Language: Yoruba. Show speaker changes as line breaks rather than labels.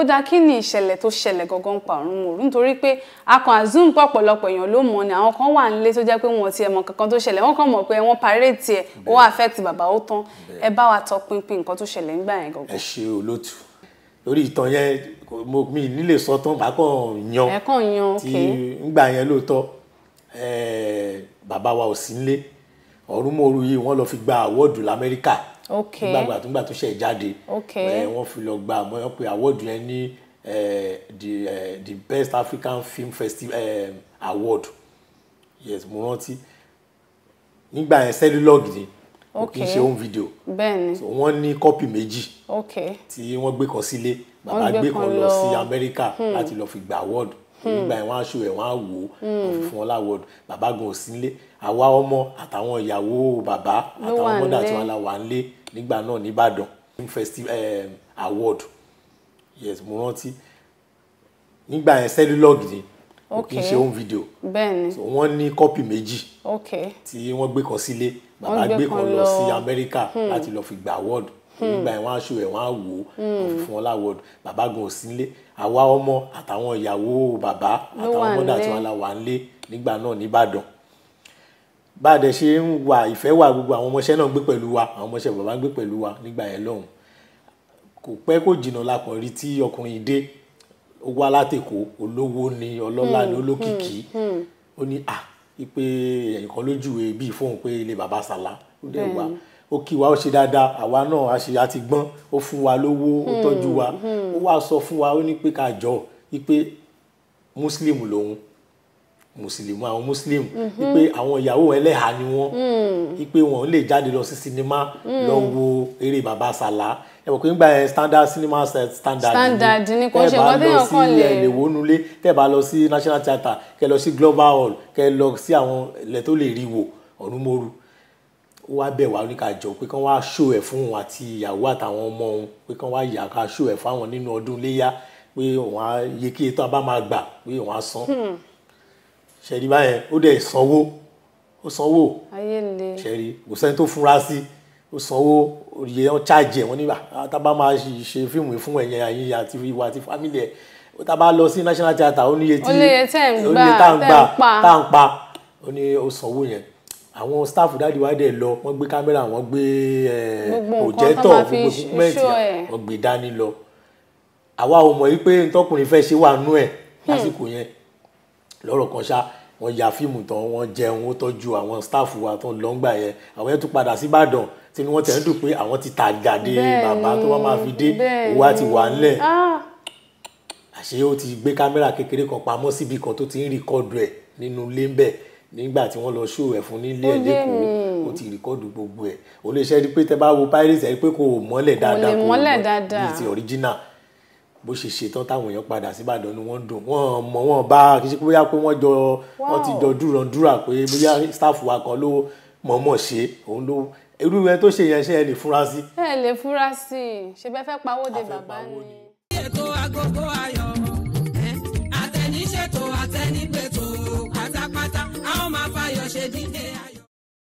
ó dáa kí ni ìṣẹ̀lẹ̀ tó ṣẹlẹ̀ gangan pa ọ̀run mòrú nítorí pé akàn azum pọ̀ ọ̀pọ̀lọpọ̀ èèyàn ló mọ̀ ni àwọn kan wà nílé tó jẹ́ pé wọn ti ẹ̀mọ̀ kankan tó ṣẹlẹ̀ wọ́n kàn mọ̀ pé wọ́n parẹ́ tiẹ̀ ó affect bàbá ó tán ẹ bá wa tọ pinpin nǹkan tó ṣẹlẹ̀ nígbà yẹn gangan. ẹ ṣe olótù lórí ìtàn yẹn mo mi nílé sọ tán bá kàn yan ẹ kàn yan ok ti ngbà yẹn lóòótọ́ bàbá wa ò sí nílé ọ̀run mòrú yìí wọ́n lọ nígbàgbà tó gbà tó ṣẹ̀ jáde wọ́n fi lọ gba àmọ́ wọ́n pe awọ́ọ̀dù yẹn ní the uh, the best African film festival uh, award yes mo rántí nígbà yẹn cellulog ni kò kí n ṣe home video bẹ́ẹ̀ni so wọ́n ní kọ́pì méjì tí wọ́n gbé kan sílé bàbá gbé kan lọ sí Amẹ́ríkà hmm. láti lọ fi gba awọ́ọ̀dù nígbà hmm. yẹn wọ́n á ṣòwò ẹ̀ hmm. wọ́n fún wọn láwọ̀dù bàbá gan ò sí nílé àwa ọmọ àtàwọn ìyàwó bàbá àtàwọn mọ́dà tí wọ́n la wà ń lé nígbà náà nìbàdàn ehm, award yes mo rántí nígbà yẹn cellulog ni kò kí n ṣe home video so wọ́n ní kọ́pì méjì tí wọ́n gbé kan sílé bàbá gbé kan lọ sí Amẹ́ríkà hmm. láti lọ fi gba award Hmm. nígbà yẹn wọ́n á ṣù ẹ̀ hmm. wọ́n fún wọn bàbá gan ò àwa ọmọ àtàwọn ìyàwó bàbá àtàwọn ọmọdé àti wọn wà nílé nígbà náà nìbàdàn bá a dẹ̀ ṣe ń wà ìfẹ́ wà gbogbo àwọn ọmọọṣẹ́ náà gbé pẹ̀lú wa àwọn ọmọọṣẹ́ bàbá gbé pẹ̀lú wa nígbà yẹn lọ́hùn kò pẹ́ kò jìnnà la rí tí ọkùnrin dé ó wá látèkó olówó ni ọlọ́lá ni hmm. olókìkí ó ní à pé ẹ̀yìn kan lójúwe bíi fóun pé ilé bàbá sàlá ó dẹ̀ wá ó kí wa ó ṣe dáadáa àwa náà a ṣe àti gbọ́n ó fún wa lówó ó hmm, tọ́jú wa hmm. ó wá sọ fún wa ó ní pé ká jọ wípé muslim lòun mùsùlùmí àwọn muslim mhm. wípé àwọn ìyàwó ẹlẹ́hà ni wọ́n hmm. wípé wọn lè jáde lọ sí sinimá lọ wo eré bàbá sàlá ẹ mọ̀ pé nígbà yẹn standard cinema standard standard ni kò ṣe wọ́n téèyàn kàn lè tẹ́ bá lọ sí ẹ̀lẹ́wọ́ nulẹ̀ tẹ́ bá lọ sí national theatre kẹ́ lọ sí global hall kẹ́ lọ sí àwọn ilẹ̀ tó lè rí wò ọ̀rùnmọ́rù ó wá bẹ̀ wá oníkàjọ pé kán wá ṣó ẹ̀ fún òun àti ìyàwó àtàwọn ọmọ òun pé kán wá yà ká ṣó ẹ̀ fáwọn nínú ọdún léyà pé òun á kí etí wọn máa gbà pé òun á san hmm. ṣẹ̀rí báyẹn ó dẹ̀ sanwó ó sanwó ṣẹ̀rí kò sẹ́ni tó fura sí ó sanwó iye wọn ṣáàjì wọn nígbà tá máa ṣe fíìmù fún ẹ̀yìn àyè àti ìwà àti fámìlì ẹ̀ tá lọ sí national theatre ó níye tí ó níye tá à ń gbà tá à ń pa ó ní ó sanwó yẹn àwọn staff dáàdi wa dẹ̀ lọ wọ́n gbé kámẹ́rà wọ́n gbé òjẹ́tọ̀ eh, gbogbo gúgúmẹ́ǹtì wọ́n gbé dání lọ àwa ò mọ̀ wípé ntọ́kùnrin fẹ́ ṣe wà nú ẹ̀ hmm. lásìkò yẹn lọ́rọ̀ kan ṣá wọ́n ya fíìmù tán wọ́n jẹun ó tọ́jú àwọn staff wa tó ń lọ ńgbà yẹn àwọn yẹn tún padà sí Ìbàdàn tí wọ́n tẹ̀ ń dùn pé àwọn ti tàgàdé bàbá tó wọ́n máa fi dé òwò àti wà ńlẹ̀ ah! àṣé ó ti gbé kámẹ́rà kékeré kan pamọ́ síbi kan tó ti ń rìkọ́dù ẹ̀ nínú ilé ń bẹ̀ nígbà tí wọ́n lọ ṣó ẹ̀ fún nílé ẹ̀ lẹ́kọ̀ọ́ o ti rìkọ́dù gbogbo ẹ̀ o lè ṣe é pé tẹ bá wo pirates ẹ̀ pé kò mọ́lẹ̀ dáadáa kò mọ́lẹ̀ dáadáa bíi ti original bó ṣe ṣetán táwọn èèyàn padà sí ni wọ́n dùn wọ́n mọ̀ wọ́n bá kì pé bóyá pé wọ́n jọ wọ́n ti jọ dúràn dúrà pé bóyá staff wa kan ló mọ̀ọ́mọ̀ ṣe òun ló irú ẹ tó ṣe yẹn ṣe ẹ lè fura sí. ẹ lè fura sí ṣe bẹ́ẹ̀ fẹ́ pawó de bàbá ni.